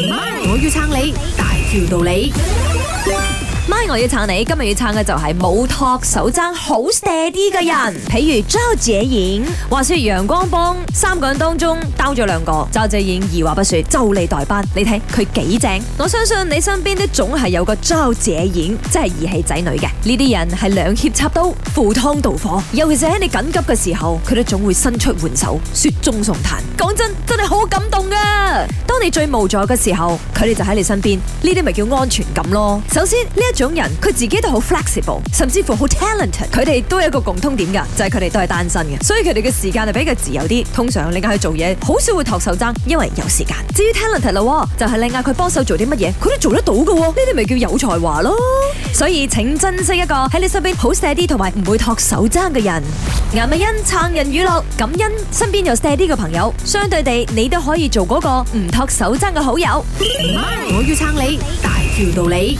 我要撐你，大條道理。媽，我要撐你，今日要撐嘅就係冇托手踭好 steady 嘅人，譬如周姐演。話說陽光幫三個人當中兜咗兩個，周姐演二話不說就你代班，你睇佢幾正。我相信你身邊都總係有個周姐演，即係義氣仔女嘅。呢啲人係兩脅插刀，赴湯蹈火，尤其是喺你緊急嘅時候，佢都總會伸出援手，雪中送炭。講真，真係好感動啊！當你最無助嘅時候，佢哋就喺你身邊，呢啲咪叫安全感咯。首先呢一種人，佢自己都好 flexible，甚至乎好 talented，佢哋都有一個共通點噶，就係佢哋都係單身嘅，所以佢哋嘅時間係比較自由啲。通常你嗌佢做嘢，好少會托手踭，因為有時間。至於 talented 咯，就係你嗌佢幫手做啲乜嘢，佢都做得到噶，呢啲咪叫有才華咯。所以，請珍惜一個喺你身邊好 steady 同埋唔會托手踭嘅人。顏美欣撐人語錄，感恩身邊有 steady 嘅朋友，相對地，你都可以做嗰個唔托手踭嘅好友。Hi, 我要撐你，撐你大條道理。